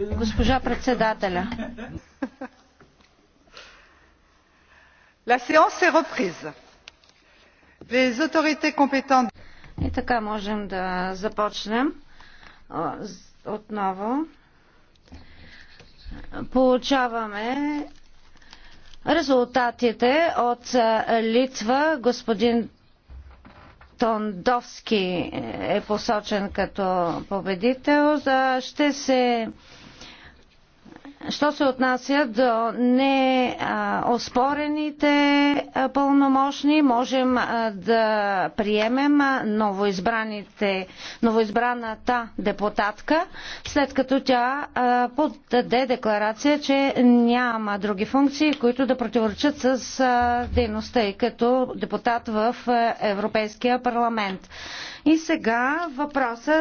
Госпожа председателя. La séance est reprise. Les autorités compétentes. И така можем да започнем отново. Получаваме резултатите от Литва. Господин Тондовски е посочен като победител. Ще се Що се отнася до неоспорените пълномощни, можем да приемем новоизбраната депутатка, след като тя подаде декларация, че няма други функции, които да противоречат с дейността и като депутат в Европейския парламент. И сега въпросът